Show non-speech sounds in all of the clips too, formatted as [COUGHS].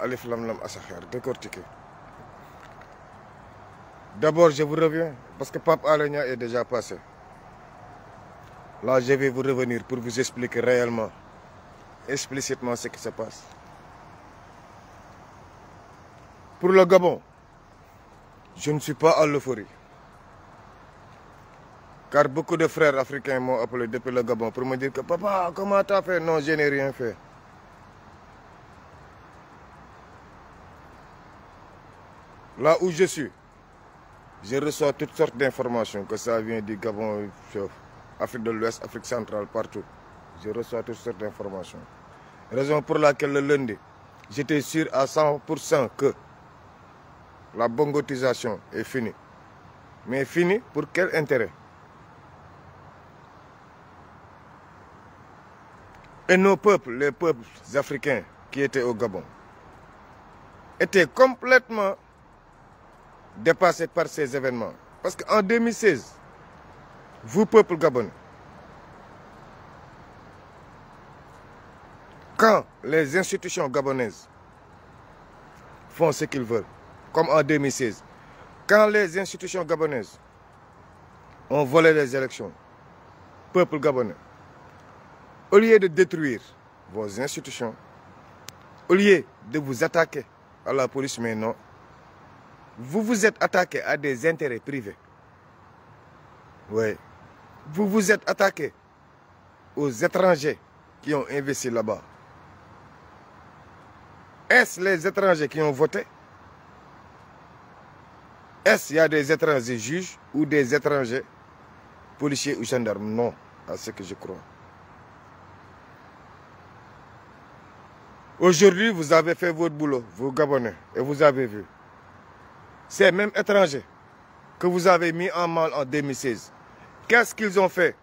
alif lam d'abord je vous reviens parce que Pape Alenia est déjà passé là je vais vous revenir pour vous expliquer réellement explicitement ce qui se passe pour le Gabon je ne suis pas à l'euphorie car beaucoup de frères africains m'ont appelé depuis le Gabon pour me dire que papa comment as fait non je n'ai rien fait Là où je suis, je reçois toutes sortes d'informations, que ça vient du Gabon, Afrique de l'Ouest, Afrique centrale, partout. Je reçois toutes sortes d'informations. Raison pour laquelle le lundi, j'étais sûr à 100% que la bongotisation est finie. Mais finie pour quel intérêt Et nos peuples, les peuples africains qui étaient au Gabon, étaient complètement dépassé par ces événements. Parce qu'en 2016, vous, peuple gabonais, quand les institutions gabonaises font ce qu'ils veulent, comme en 2016, quand les institutions gabonaises ont volé les élections, peuple gabonais, au lieu de détruire vos institutions, au lieu de vous attaquer à la police, mais non, vous vous êtes attaqué à des intérêts privés. Oui. Vous vous êtes attaqué aux étrangers qui ont investi là-bas. Est-ce les étrangers qui ont voté Est-ce qu'il y a des étrangers juges ou des étrangers policiers ou gendarmes Non, à ce que je crois. Aujourd'hui, vous avez fait votre boulot, vous Gabonais, et vous avez vu ces mêmes étrangers que vous avez mis en mal en 2016, qu'est-ce qu'ils ont fait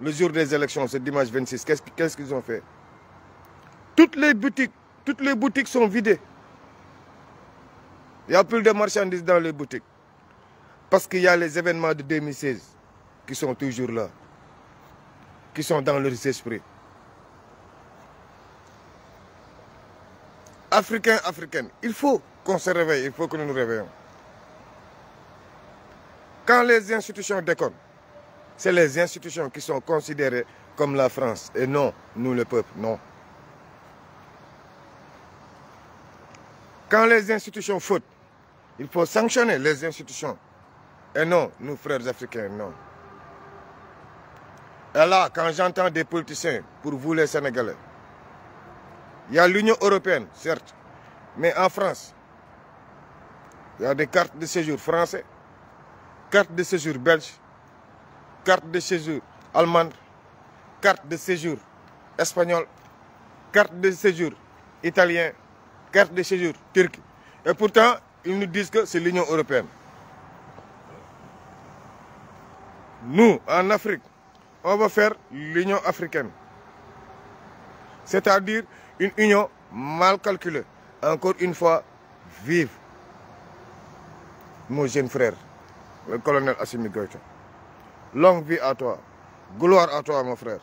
le jour des élections, ce dimanche 26 Qu'est-ce qu'ils ont fait Toutes les boutiques, toutes les boutiques sont vidées. Il n'y a plus de marchandises dans les boutiques. Parce qu'il y a les événements de 2016 qui sont toujours là, qui sont dans leurs esprits. Africains, africaines, il faut qu'on se réveille, il faut que nous nous réveillons. Quand les institutions déconnent, c'est les institutions qui sont considérées comme la France et non nous le peuple, non. Quand les institutions foutent, il faut sanctionner les institutions et non nous frères africains, non. Et là, quand j'entends des politiciens, pour vous les Sénégalais, il y a l'Union européenne, certes, mais en France, il y a des cartes de séjour français, cartes de séjour belge, cartes de séjour allemande, cartes de séjour espagnole, cartes de séjour italien, cartes de séjour turc. Et pourtant, ils nous disent que c'est l'Union européenne. Nous, en Afrique, on va faire l'Union africaine. C'est-à-dire une union mal calculée, encore une fois, vive mon jeune frère, le colonel Assimi Goïta. Longue vie à toi. Gloire à toi, mon frère.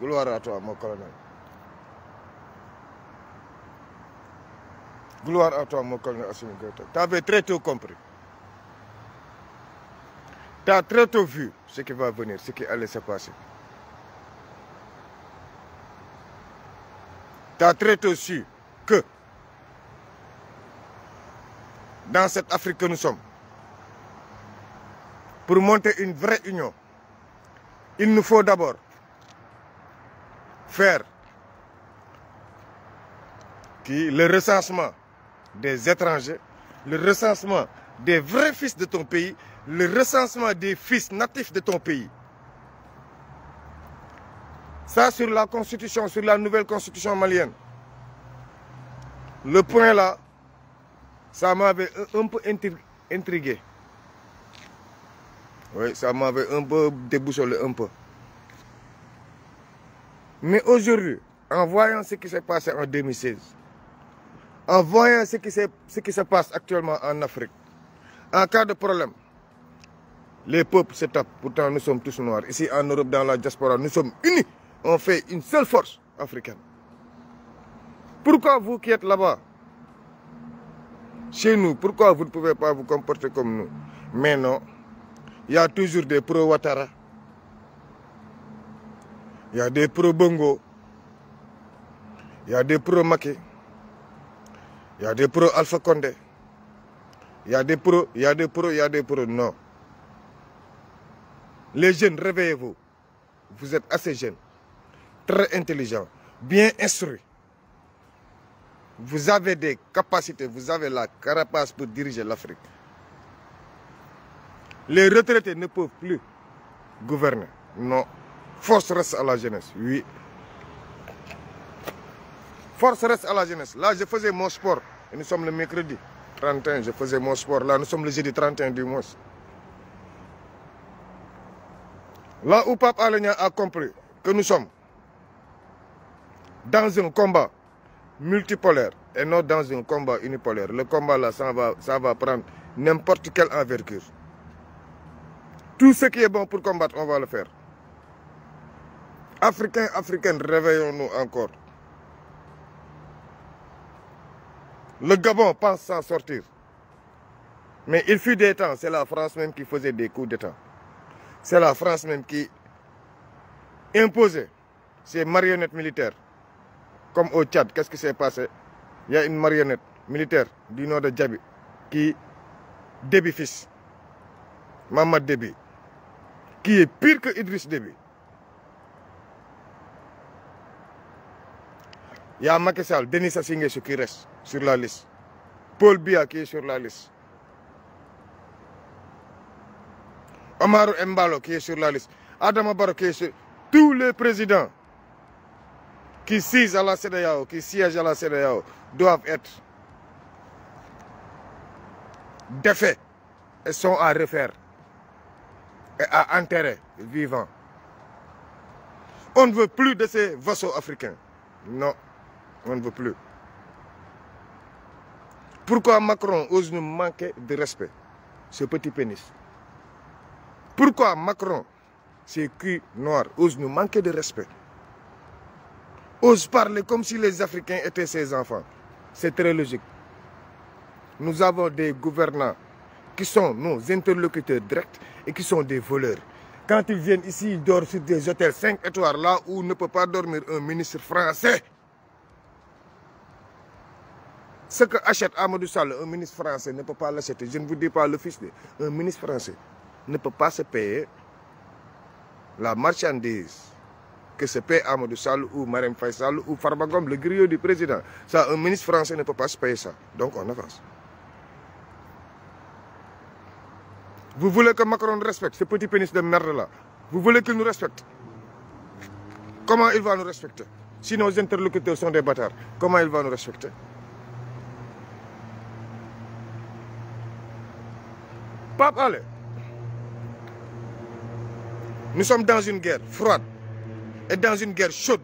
Gloire à toi, mon colonel. Gloire à toi, mon colonel Assimi Goïta. Tu avais très tôt compris. Tu as très tôt vu ce qui va venir, ce qui allait se passer. très aussi que dans cette Afrique que nous sommes, pour monter une vraie union, il nous faut d'abord faire le recensement des étrangers, le recensement des vrais fils de ton pays, le recensement des fils natifs de ton pays. Ça, sur la constitution, sur la nouvelle constitution malienne. Le point là, ça m'avait un peu intrigué. Oui, ça m'avait un peu déboussolé, un peu. Mais aujourd'hui, en voyant ce qui s'est passé en 2016, en voyant ce qui, ce qui se passe actuellement en Afrique, en cas de problème, les peuples s'étapent. Pourtant, nous sommes tous noirs. Ici, en Europe, dans la diaspora, nous sommes unis on fait une seule force africaine. Pourquoi vous qui êtes là-bas, chez nous, pourquoi vous ne pouvez pas vous comporter comme nous Mais non, il y a toujours des pro-Ouattara. Il y a des pro-Bongo. Il y a des pro maké Il y a des pro-Alpha Condé. Il y a des pro, il y a des pro, il y a des pro, Non. Les jeunes, réveillez-vous. Vous êtes assez jeunes très intelligent, bien instruit. Vous avez des capacités, vous avez la carapace pour diriger l'Afrique. Les retraités ne peuvent plus gouverner. Non. Force reste à la jeunesse, oui. Force reste à la jeunesse. Là, je faisais mon sport. nous sommes le mercredi 31, je faisais mon sport. Là, nous sommes le jeudi 31 du mois. Là où Pape Alenia a compris que nous sommes dans un combat multipolaire et non dans un combat unipolaire. Le combat là, ça va, ça va prendre n'importe quelle envergure. Tout ce qui est bon pour combattre, on va le faire. Africains, Africaines, réveillons-nous encore. Le Gabon pense s'en sortir. Mais il fut des temps, c'est la France même qui faisait des coups d'État. C'est la France même qui imposait ses marionnettes militaires comme au Tchad, qu'est-ce qui s'est passé Il y a une marionnette militaire du Nord de Djabi qui débit fils, Mamad Déby, qui est pire que Idriss Déby. Il y a Macky Denis Sassou qui reste sur la liste. Paul Bia qui est sur la liste. Omar Mbalo qui est sur la liste. Adam Abaro qui est sur... Tous les présidents qui siègent à la CEDEAO, qui siègent à la doivent être défaits et sont à refaire et à enterrer vivants. On ne veut plus de ces vassaux africains. Non, on ne veut plus. Pourquoi Macron ose nous manquer de respect, ce petit pénis Pourquoi Macron, ce cul noir, ose nous manquer de respect Ose parler comme si les Africains étaient ses enfants. C'est très logique. Nous avons des gouvernants qui sont nos interlocuteurs directs et qui sont des voleurs. Quand ils viennent ici, ils dorment sur des hôtels 5 étoiles, là où ne peut pas dormir un ministre français. Ce que achète Amadou Sall, un ministre français ne peut pas l'acheter. Je ne vous dis pas le fils Un ministre français ne peut pas se payer la marchandise que se paie Amadou ou Marem Faisal ou Farbagom, le griot du président. Ça, un ministre français ne peut pas se payer ça. Donc on avance. Vous voulez que Macron respecte ce petit pénis de merde-là Vous voulez qu'il nous respecte Comment il va nous respecter Si nos interlocuteurs sont des bâtards, comment il va nous respecter Pape, allez Nous sommes dans une guerre froide est dans une guerre chaude,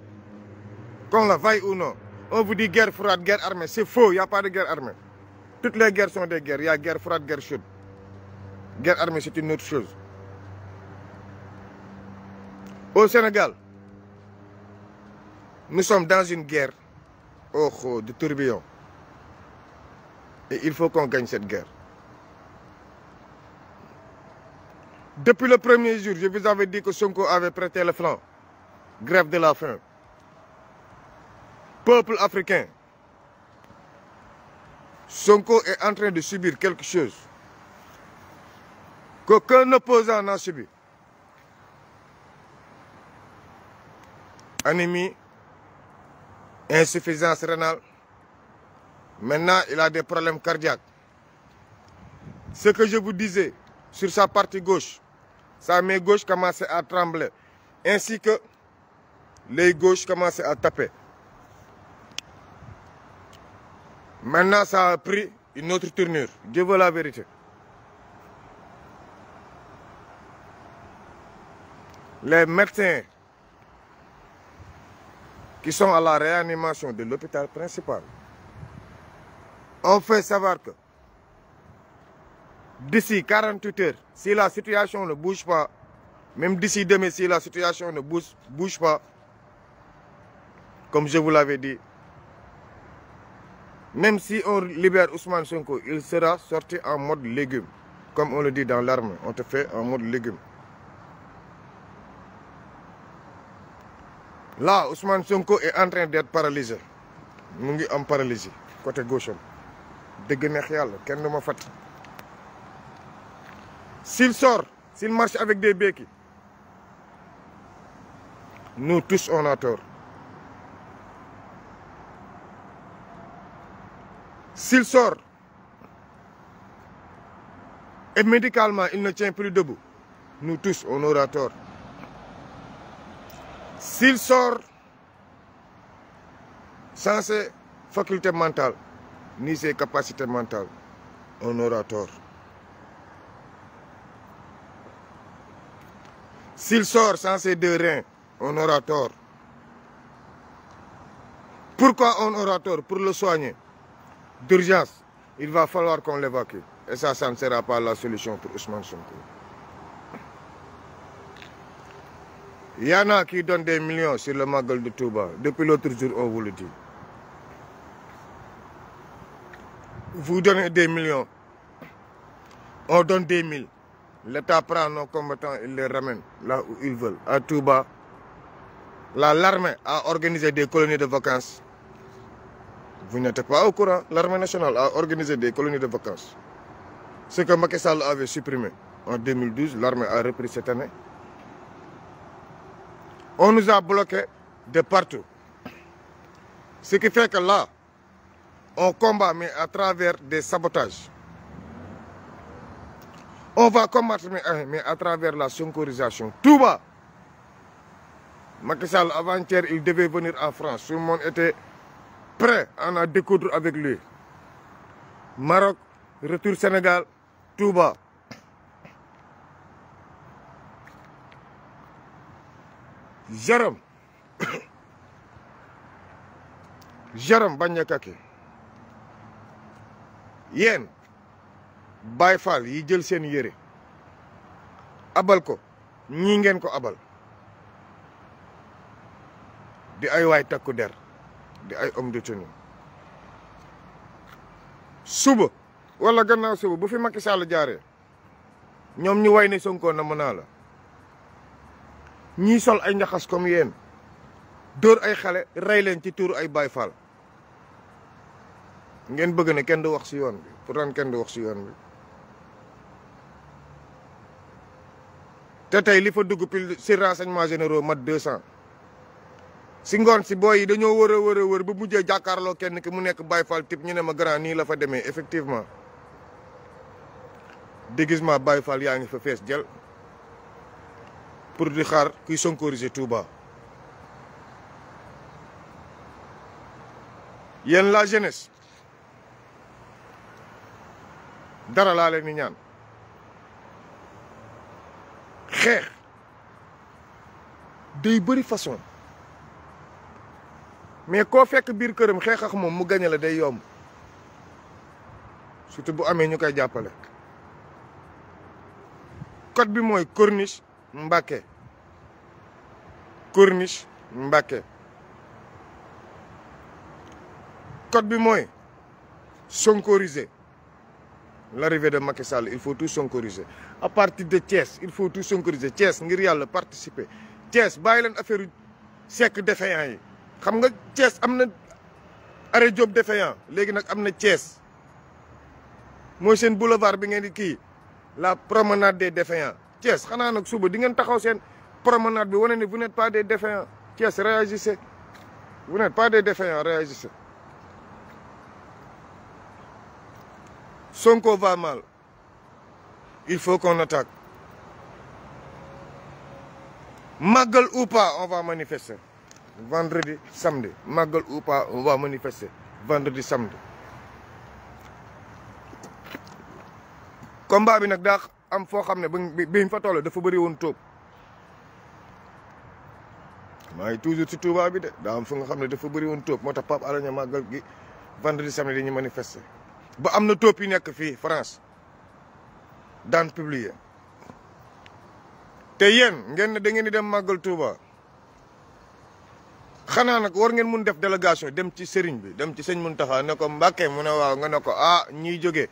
qu'on la vaille ou non. On vous dit guerre froide, guerre armée. C'est faux, il n'y a pas de guerre armée. Toutes les guerres sont des guerres. Il y a guerre froide, guerre chaude. Guerre armée, c'est une autre chose. Au Sénégal, nous sommes dans une guerre oh, oh, de tourbillon. Et il faut qu'on gagne cette guerre. Depuis le premier jour, je vous avais dit que Sonko avait prêté le flanc grève de la faim. Peuple africain, Sonko est en train de subir quelque chose qu'aucun opposant n'a subi. Anémie, insuffisance rénale. Maintenant, il a des problèmes cardiaques. Ce que je vous disais sur sa partie gauche, sa main gauche commençait à trembler. Ainsi que les gauches commençaient à taper. Maintenant, ça a pris une autre tournure. Dieu veut la vérité. Les médecins qui sont à la réanimation de l'hôpital principal ont fait savoir que d'ici 48 heures, si la situation ne bouge pas, même d'ici demain, si la situation ne bouge pas, comme je vous l'avais dit. Même si on libère Ousmane Sonko, il sera sorti en mode légume. Comme on le dit dans l'arme, on te fait en mode légume. Là, Ousmane Sonko est en train d'être paralysé. Il est en côté gauche. S'il sort, s'il marche avec des béquilles, nous tous on a tort. S'il sort et médicalement il ne tient plus debout, nous tous on aura tort. S'il sort sans ses facultés mentales, ni ses capacités mentales, on aura tort. S'il sort sans ses deux reins, on aura tort. Pourquoi on aura tort Pour le soigner d'urgence, il va falloir qu'on l'évacue. Et ça, ça ne sera pas la solution pour Ousmane Sonko. Il y en a qui donnent des millions sur le magal de Touba. Depuis l'autre jour, on vous le dit. Vous donnez des millions. On donne des mille. L'État prend nos combattants et les ramène là où ils veulent, à Touba. L'armée a organisé des colonies de vacances vous n'êtes pas au courant. L'armée nationale a organisé des colonies de vacances. Ce que Macky Sall avait supprimé en 2012, l'armée a repris cette année. On nous a bloqués de partout. Ce qui fait que là, on combat, mais à travers des sabotages. On va combattre, mais hein, à travers la synchronisation Tout bas. Macky Sall, avant-hier, il devait venir en France. Tout le monde était prêt à a découdre avec lui. Maroc, retour Sénégal, tout bas. Jérôme. [COUGHS] Jérôme Banyakake. Yen, Bayfal, Fall yi jël sen yéré. abal ko ñii ngén ko abal di ay homme de tenue suba wala gannaaw suba bu fi Macky Sall jaaré ñom ñu wayné Sonko na mën naa la ñii sol ay ñaxas comme yeen door ay xalé ray leen ci tour ay Baay Faal ngeen bëgg ne kenn du wax ci yoon bi pourtant kenn du wax ci yoon bi té tay li fa dugg pile si renseignement généraux mat 200 singon si boy yi dañoo wër a wër a wër ba mujjee jàkkaarloo kenn ki mu nekk Baye Fall type ñu né ma grand ni la fa démé effectivement déguisement Baye Fall yaa fa fess jël pour di xaar kuy sonkoriser Touba. yeen la jeunesse dara la leen ni ñaan xex day bari façon. mais koo fekk biir këram xeex ak mu gagné la day yom surtout bu amé ñukay jappalé code bi moy corniche Mbacké corniche Mbacké code bi moy l'arrivée de Macky il faut tout sonkoriser à partir de Thiès il faut tout sonkoriser Thiès ngir yalla participer Thiès bàyyi a affaire défaillant xam nga Thiès am na arrêt Diop défaillant léegi nag am na Thiès mooy seen boulevard bi ngeen di kii la promenade des défaillants Thiès xanaa nag suba di ngeen taxaw seen promenade bi wane ne vous pas des défaillants Thiès réagissez vous n'êtes pas des défaillants réagissez Sonko va mal il faut qu'on attaque màggal ou pas on va manifester vendredi samedi màggal ou pas on va manifester vendredi samedi. combat bi nag daa am foo xam ne biñ fa toll dafa bëri woon tóob maa ngi toujours ci Touba bi de daa fu nga xam ne dafa bëri woon tóob moo tax Pape Alé Niang màggal gi vendredi samedi dañuy manifester ba am na tóob yi nekk fii France daan publier te yéen ngeen ne da ngeen di dem màggal Touba. xanaa nag war ngeen mun def délégation dem ci sëriñ bi dem ci sëñ Muntaxa ne ko Mbàkke mu ne waaw nga ne ko ah ñiy jógee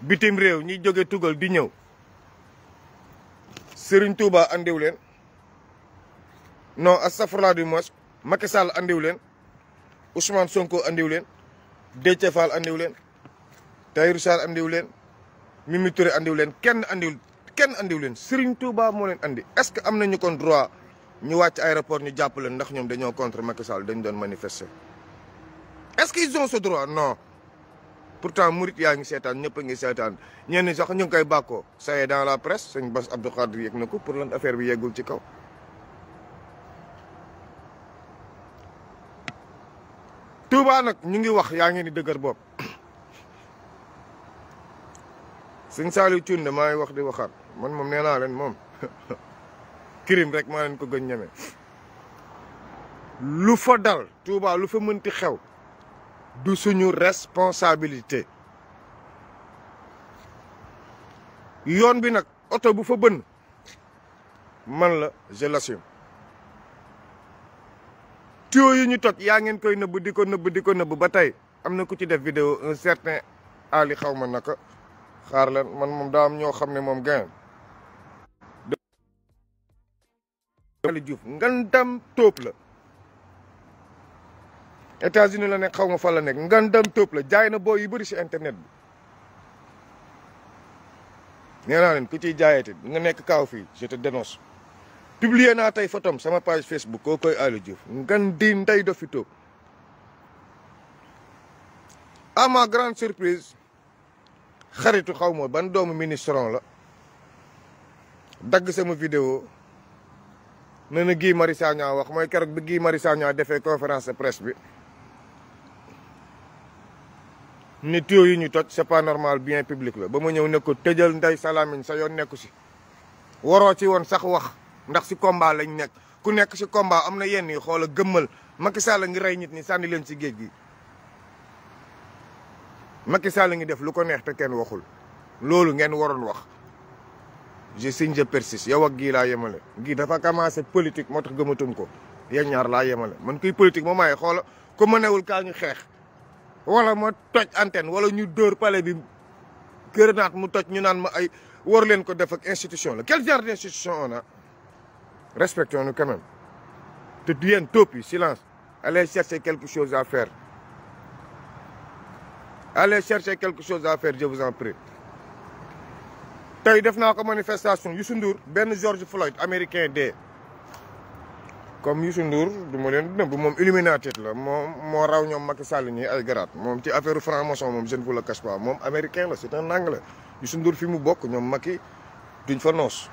bitim réew ñi jóge tugal di ñëw sëriñ Touba andiw leen non astafurlaa du mos Macky Sall andiw leen Ousmane Sonko andiw leen Déthié Fall andiw leen Tahirou Sarr leen Mimi Touré andiw leen kenn andiw kenn andiw leen sëriñ Touba moo leen andi est-ce que am nañu kon droit ñu wàcc aéroport ñu jàpp leen ndax ñoom dañoo contre Macky Sall dañ doon manifester est-ce qu'ils ont ce droit non pourtant murit yaa ngi seetaan ñëpp ngi seetaan ñenn sax ñu ngi koy bàkkoo ça y la presse sëñ Bass Abdou Khadre yëg na ko pour lan affaire bi yeggul ci kaw. Touba nag ñu ngi wax yaa ngi ni dëggër bopp [COUGHS] sëñ Saliou Thioune maa ngi wax di waxaat man moom nee naa leen moom. [LAUGHS] crime rek maa leen ko gën ñeme lu fa dal Touba lu fa mënti xew du suñu responsabilité yoon bi nag oto bu fa bënn man la je l'assume tuyaux yi ñu toj yaa ngeen koy nëbb di ko nëbb di ko nëbb ba tey am na ku ci def vidéo un certain Ali xaw ma naka xaar leen man moom daa am ñoo xam ne moom gayen Waly Diouf ngandam tóob la États-Unis la nekk xaw ma fal la nekk ngandam tóob la jaay na boo yu bëri si internet bi nee naa leen ku ciy jaayete nga nekk kaaw fii je te dénonce publier naa tey photom sama page Facebook koo koy Waly Diouf ngan di ndey do fi tóob à ma grande surprise xaritu xaw ma ban doomu ministron la dagg sama vidéo nee Marisanya, Guy Marius wax moy keroog bi gi Marius Sagna defee conférence de presse bi ni yi ñu toj c'est pas normal bien public la bama ñew ñëw ne ko tëjal ndey Salamine sa yon nekk ci waro ci won sax wax ndax si combat lañ nekk ku nekk si combat amna yenn yi xol geumal Macky Sall ngi ray nit ni sanni leen ci geej gi Macky Sall ngi def lu ko neex te kenn waxul lolu ngeen waron wax je signe je persiste yow ak gii laa yemale gii dafa commencé politique moo tax gëmatum ko yéen ñaar laa yemale man kuy politique moo may xoola ku ma newul kaa ñu xeex wala ma toj antenne wala ñu dóor palais bi kër naat mu toj ñu naan ma ay war leen ko def ak institution la quel genre d' institution on a respectons nous quand même te du yéen topi silence allez chercher quelque chose à faire allez chercher quelque chose à faire je vous en prie tey def naa ko manifestation Youssou Ndour benn George Floyd américain dee comme Youssou Ndour du ma leen nëbb moom Illuminati la moom moo raw ñoom Macky Sall ñi ay garaat moom ci affaire franc-maçon moom je ne vous le cache pas moom américain la c'est un anglais Youssou Ndour fi mu bokk ñoom Macky duñ fa noos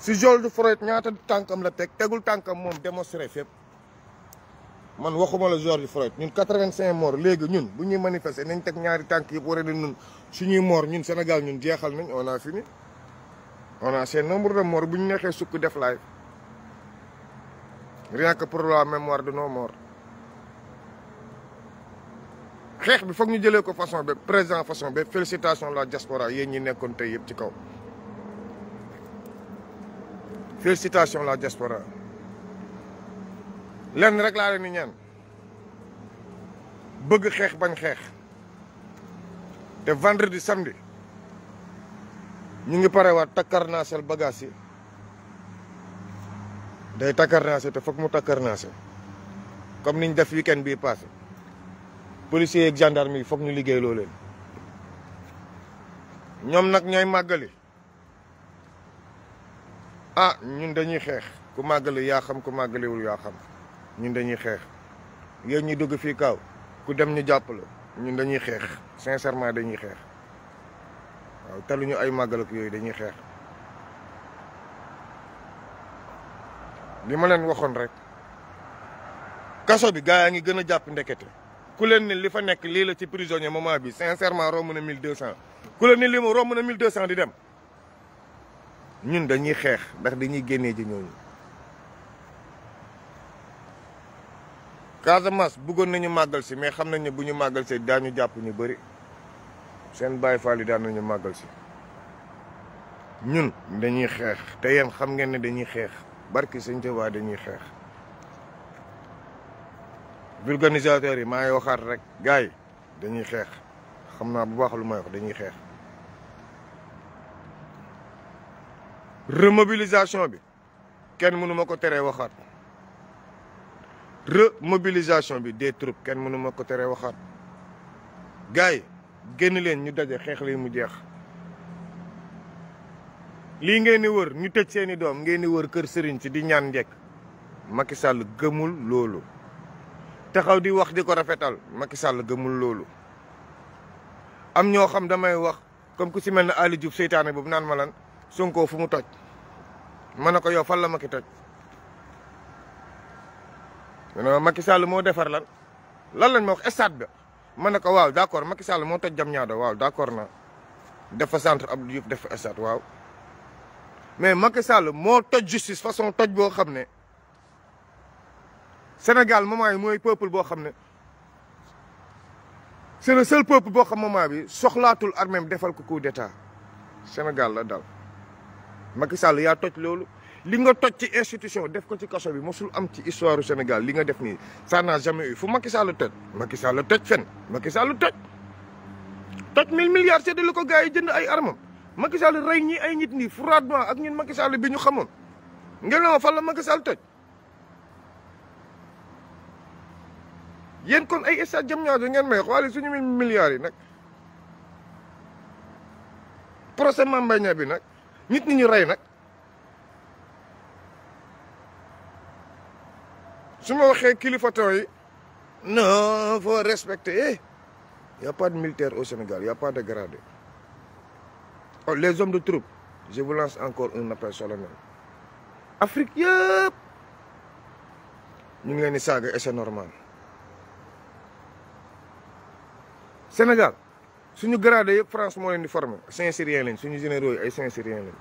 si George Floyd ñaata tànkam la teg tegul tànkam moom démonstré fépp man waxuma la George Floyd ñun quatre-vingt-cinq morts léegi ñun bu ñuy manifester nañ teg ñaari tànk yëpp war a ne ñun suñuy morts ñun Sénégal ñun jeexal nañ on a fini on a seen nombre de morts bu ñu neexee sukk def laay rien que pour la mémoire de nos morts xeex bi foog ñu jëlee ko façon ba présent façon ba félicitation la diaspora yéen ñi nekkoon tey yëpp ci kaw félicitation la jaspora lenn rek la leen ñaan bëgg xex bañ xex té vendredi samedi ñu ngi parewaat takkarnaasel bagages yi day takkarnaase té fakk mu takkarnaase comme niñ def weekend bi passé policiers yeeg gendarme yi foog ñu liggéey loo ñom nak ñoy magali ah ñun dañuy xex ku magali ya xam ku wul ya xam ñun dañuy xeex yéen ñuy dugg fii kaw ku dem ñu jàpp la ñun dañuy xeex sincèrement dañuy xeex waaw taluñu ay màggal yooyu dañuy xeex li ma leen waxoon rek kaso bi gaa yaa ngi gën a jàpp ndekete ku leen ni li fa nekk lii la ci prisonnier moment bi sincèrement romb na 1200 ku leen ni lii mu romb na 1200 di dem ñun dañuy xeex ndax dañuy génnee ji ñooñu. Casamance bëggoon nañu màggal si mais xam nañ ne bu ñu màggal si daañu jàpp ñu bëri seen Baay Faal yi daan nañu màggal si ñun dañuy xeex te yéen xam ngeen ne dañuy xeex barki Sëñ Tuubaa dañuy xeex. vulcanisateur yi maa ngi waxaat rek gars yi dañuy xeex xam naa bu baax lu may wax dañuy xeex. remobilisation bi kenn mënu ko tere waxaat. remobilisation bi des troupes kenn mënu ma ko téré waxat gars yi génn leen ñu dajé xex li mu jeex li ngeen di wër ñu tecc seeni doom ngeen di wër kër sëriñ gemul di ñaan njekk Macky Sall gëmul loolu taxaw di wax di ko rafetal Macky Sall gëmul loolu am ño xam damay wax comme ku ci melni Ali Diouf seytane bobu nan ma lan Sonko fu mu toj manako ko yow la Macky toj non Macky Sall moo defar lan lan lañ ma wax stade ba ma ne ko waaw d' accord Macky Sall moo toj jam ñaado waaw d' accord na def fa centre Abdou Diouf def fa stade waaw mais Macky moo toj justice façon toj boo xam ne Sénégal moment yi mooy peuple boo xam ne c' peuple boo xam moment bi soxlaatul armée defal ko coup d' état Sénégal la dal Macky Sall yaa toj loolu li nga toj ci institution def ko ci kaso bi mosul am ci histoire du Sénégal li nga def nii ça n'a jamais eu fu Macky Sall toj Macky Sall toj fen Macky Sall toj toj mille milliards séddale ko gars yi jënd ay armam Macky Sall rey ñi ay nit nii froidement ak ñun Macky bi ñu xamoon ngela ne ma fan la Macky Sall toj yéen kon ay stade Diamniadio ngeen may xooli su mille milliards yi nag procès Mame Mbaye bi nag nit ñi ñu rey nag su ma waxee kilifa temps yi non faut respecter Il y' a pas de militaire au Sénégal il y' a pas de gradé oh les hommes de troupes, je vous lance encore un appel solennel Afrique yep. ñu ngi leen di saaga et c'est normal Sénégal suñu gradé yëpp France moo leen di former Saint-Syrien lañ suñu généraux yi ay Saint-Syrien lañ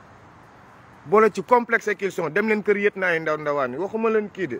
boole ci complexe qu'ils sont dem leen kër yët naa yi ndaw ndawaan yi waxuma leen kii de.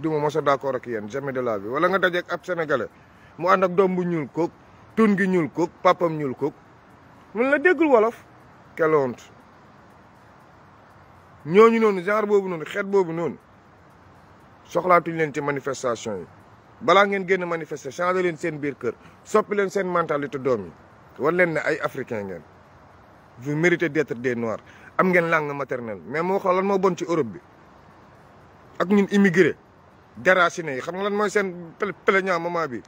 du ma mos a ak yéen jamais de la vie wala nga dajeeg ab sénégalais mu ànd ak doom bu ñuul kook tun gi ñuul kook papam ñuul kook mun la déggul wolof quelle honte ñooñu noonu genre boobu noonu xeet boobu noonu soxlaatuñ leen ci manifestation yi balaa ngeen génn manifester changé leen seen biir kër soppi leen seen mentalité doom yi war leen ne ay africain ngeen vous méritez d'être des noirs am geen langue maternelle mais moo xool lan moo bon ci Europe bi ak ñun immigré déraciné yi xam nga lan mooy seen plaignant moment bi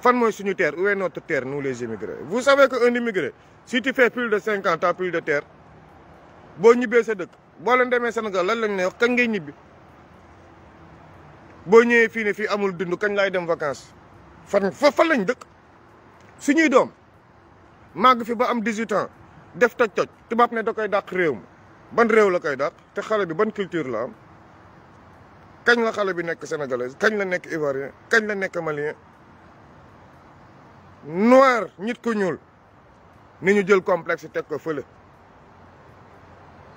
fan mooy suñu terre où est notre terre nous les immigrés vous savez que un immigré si tu fais plus de cinq ans t'as de terre boo ñibbee sa dëkk boo leen demee Sénégal lan lañ lay wax kañ ngay ñibbi boo ñëwee fii ne fii amul dund kañ laay dem vacances fan fa fan lañ dëkk suñuy doom màgg fi ba am 18 ans def toj-toj tubaab ne da koy dàq réew mi ban réew la koy dàq te xale bi ban culture la am. kañ la xale bi nekk sénégalaise kañ la nekk ivoirien kañ la nekk malien noir nit ku ñuul ni ñu jël complexe teg ko fële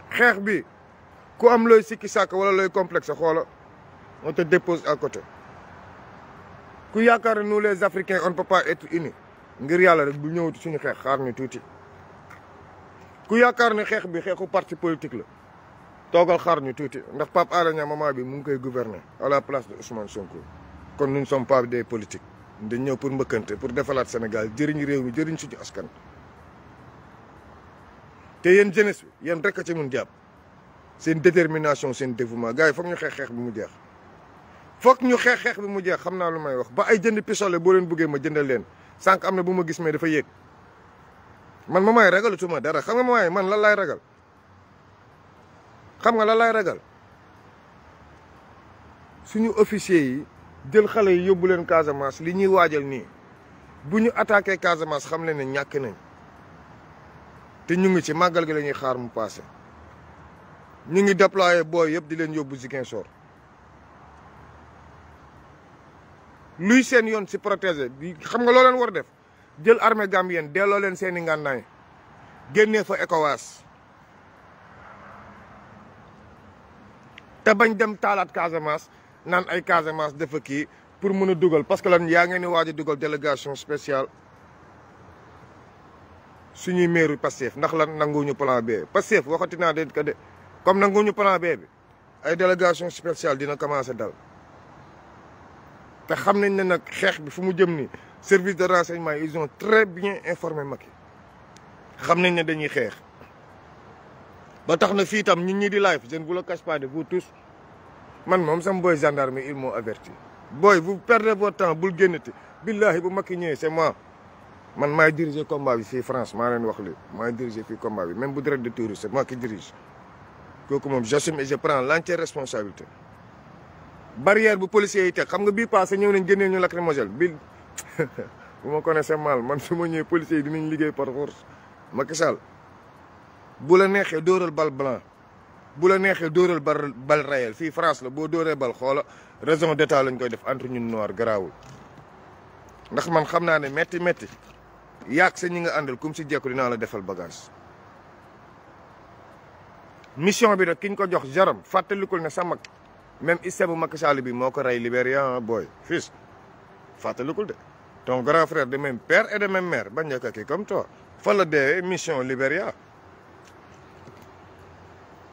xeex bi ku am looy sikki sàkk wala looy complexe xoola on te dépose à côté ku yaakaar ne nous les africains on ne peut pas ngir yàlla rek bu ñëwati suñu xeex xaar ñu tuuti ku yaakaar ni xeex bi xeexu parti politique la toogal xaar ñu tuuti ndax Pape Alé Niang moment bi mu ngi koy gouverner à la place de Ousmane Sonko kon nous ne sommes pas des politiques dañ ñëw pour mbëkkante pour defalaat Sénégal jëriñ réew mi jëriñ suñu askan. te yéen jeunesse bi yéen rek a ci mun jàpp seen détermination seen dévouement gars yi foog ñu xeex xeex bi mu jeex. foog ñu xeex mu jeex xam naa lu may wax ba ay jënd pistolet booleen leen buggee ma jëndal leen sànq am na bu ma gis mais dafa yéeg man mamaay ragalatuma dara xam nga mamaay man lan laay ragal. xam nga la lay ragal suñu officiers yi jël xale yi yóbbu leen Casamance li ñuy waajal nii bu ñu attaqué Casamance xam leen ne khar nañ te ñu ngi ci màggal gi la ñuy xaar mu passé ñu ngi déployé booy yëpp di leen yóbbu Ziguinchor luy seen yoon si protéger bi xam nga loo leen war def jël armée gambienne delloo leen seeni fa te bañ dem taalaat Casamance naan ay Casamance dafa kii pour mën a dugal parce que lan yaa ngeen ni waaj a dugal délégation spéciale suñuy meeru Pastef ndax lan nanguwuñu plan B Pastef waxati naa de que de comme nanguwuñu plan bi ay délégation spéciale dina commencé dal. te xam nañ ne nag xeex bi fu mu jëm ni service de renseignement ils ont très bien informé Macky xam nañ ne dañuy xeex. ba taxna fi tam ñun ñi di live je ne vous le cache pas de vous tous man mom sama boy gendarme il m'ont averti boy vous perdez votre temps bul génnati billahi bu makki ñew c'est moi man ma diriger combat bi fi France ma len wax li maay diriger fi combat bi même bu direct de touriste c'est moi qui dirige kooku mom j'assume et je prends l'entière responsabilité barrière bu policier yi teg xam nga bi passé ñew nañ génnee ñu lacrymogène Bill, [LAUGHS] bu ma connaissais mal man suma ñew policier yi dinañ liggéey par force Macky Sall bu la neexee dóoral bal blanc bu la neexee dooral bal bal réel fii France la boo dooree bal xoola raison d'état lañ koy def entre ñun noir garaawul ndax man xam naa ne métti metti yaag sa ñi nga àndal kum si jekku dinaa la defal bagage mission bi nag kiñ ko jox jaram fàttalikul ne sa mag même bu Macky Sall bi moo ko rey Libéria ah, booy fils fàttalikul de ton grand frère de même père et de même mère bañ a kii comme toi fa la deewee mission Libéria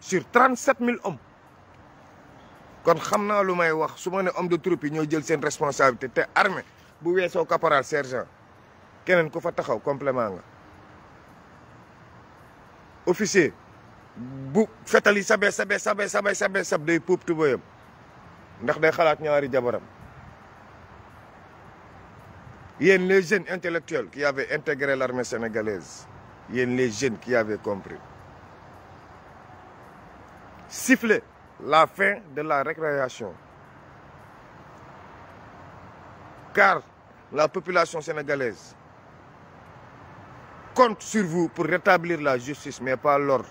sur 37 000 hommes kon a de troupe jël responsabilité armée bu caporal sergent ça, fa complément officier bu fetal ça, ça, des les jeunes intellectuels qui avaient intégré l'armée sénégalaise ça, les jeunes qui avaient compris siffler la fin de la récréation. Car la population sénégalaise compte sur vous pour rétablir la justice, mais pas l'ordre.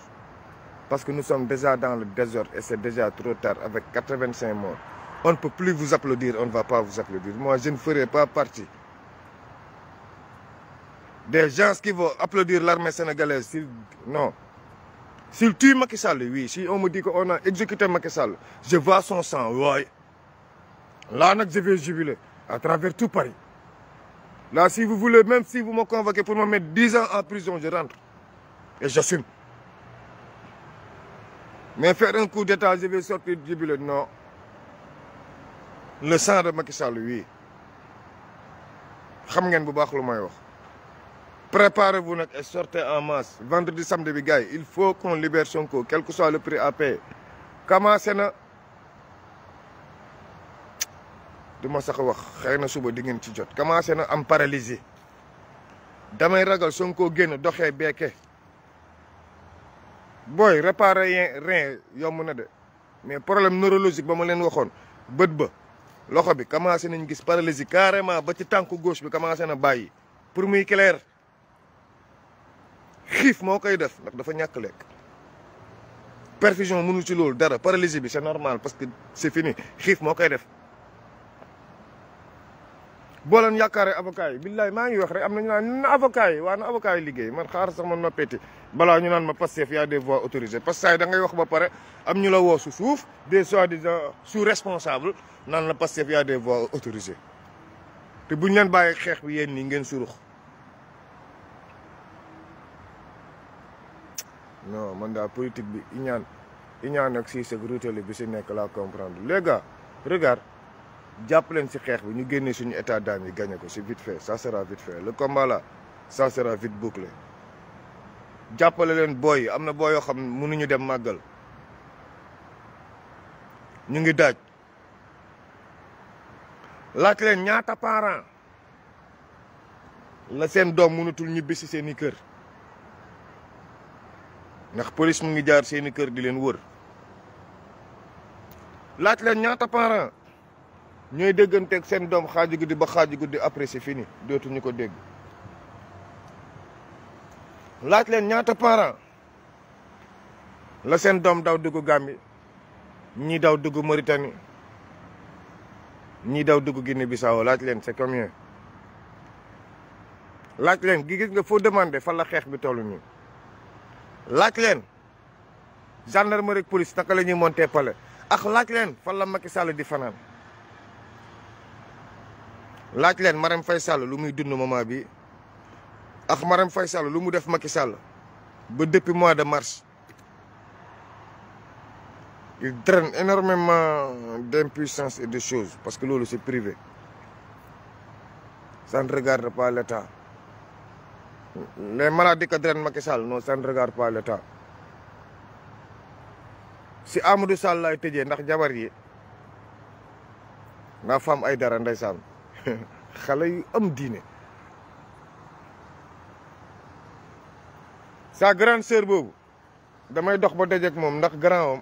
Parce que nous sommes déjà dans le désordre et c'est déjà trop tard avec 85 morts. On ne peut plus vous applaudir, on ne va pas vous applaudir. Moi, je ne ferai pas partie des gens qui vont applaudir l'armée sénégalaise. Non. S'il tue Macky oui, si on me dit qu'on a exécuté Macky Sall, je vois son sang, Oui. Là, je vais jubiler à travers tout Paris. Là, si vous voulez, même si vous me convoquez pour me mettre 10 ans en prison, je rentre. Et j'assume. Mais faire un coup d'état, je vais sortir du jubilé, non. Le sang de Macky Sall, oui. Vous savez ce que je veux dire. Préparez-vous et sortez en masse vendredi samedi il faut qu'on libère Sonko quel que soit le prix à payer commencé na de ma sax wax xëy vous suba di ngeen ci jot commencé na am paralysé damay ragal Sonko génn doxee beeke Boy, réparer rien yomb na de mais problème neurologique ba ma vous waxoon dit, ba loxo bi commencé nañ gis carrément ba ci tànku gauche bi commencé na bàyyi pour mieux clair xif mo koy def ndax dafa ñak lek perfusion mënu ci lool dara paralysie bi c'est normal parce que c'est fini xif mo koy def boo yakare avocat yi billaay maa ngi wax rek amna ñu naan na avocat yi wa na avocat yi liggéey man xaar sax man ma péti bala ñu naan ma Pastef y a des voix autorisées parce que say da ngay wax ba paré am ñu la wo su suuf des soi-disant sous responsable naan la Pastef y a des voix autorisées té buñ leen bàyyi xex bi yéen ni ngeen surux non mën daal politique bi iñaan iñaan ak si sécurité li bi si nekk laa comprendre les gars regarde jàpp leen si xeex bi ñu génnee suñu état d'âme yi gagné ko si vite fait ça sera vite fait le la là vite bouclé jàppale leen booy am na booy yoo xam ne mënuñu dem màggal ñu ngi daaj laaj leen ñaata parent la seen doom mënatul ñibbi si seen i kër. ndax police mu ngi jaar seen kër di leen wër laaj leen ñaata ñoy ñooy ak seen dom xaju gudi ba xaju gudi après c'est fini dootu ñuko dégg laaj leen ñaata parents la seen dom daw duggu gambi ñi daw duggu Mauritanie ñi daw duggu Guinée Bissau leen c'est combien leen gi gis nga fo demander fa la xex bi tollu laaj leen gendarmerie police naka la ñuy monté palais ak laaj fan la Macky Sall di fanaan laaj leen Marème Faye Sall lu muy dund moment bi ak Marème Faye Sall lu mu def Macky Sall ba depuis mois de mars il draine énormément d'impuissance et de choses parce que loolu c'est privé ça ne regarde pas l'État les maladies que draine Macky Sall non ça ne regarde pas l'État si Amadou Sall laay tëjee ndax jabar yi naa faam ay dara ndeysaan [LAUGHS] xale yu am diine sa grande sœur boobu damay dox ba dajeek moom ndax grand am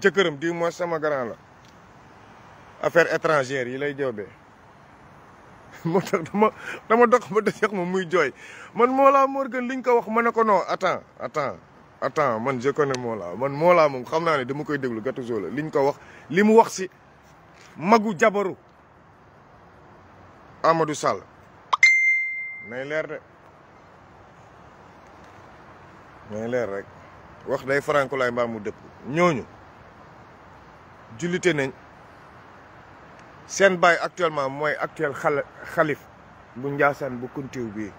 jëkkëram di mooy sama grand la affaire étrangère yi lay joobee [LAUGHS] moo tax dama dama dox ba desex ma muy jooy man moo Mollah Morgun liñ ko wax ma ne ko non attends attends attends man je connais Mollah man Mollah moom xam naa ne dama koy déglu Gatouso la liñ ko wax li mu wax si magu jabaru Amadou Sall nay leer de nay leer rek wax day farankulaay mbaa mu dëpp ñooñu jullite nañ seen baay actuellement mooy actuel xal xalif bu Njaasaan bu kuntiw bii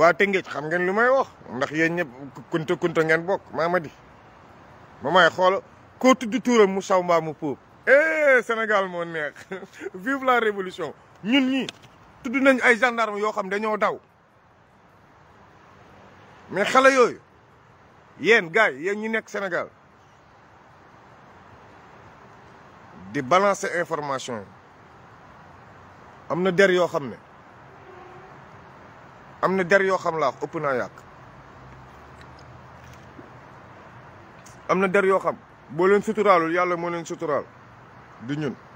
waa Tëngéej xam ngeen lu may wax ndax yéen ñëpp kunta kunta ngeen bokk Mamadi ma may xool koo tudd tuuram mu saw mbaa mu puub eh Sénégal moo neex [LAUGHS] vive la révolution ñun ñi tudd nañ ay gendarme yoo xam dañoo daw mais xale yooyu yéen gars yi yéen ñu nekk Sénégal di balancer information amna der yo xam amna der yo xam la wax naa yak amna der yo xam bo leen suturaalul yalla mo leen sutural du ñun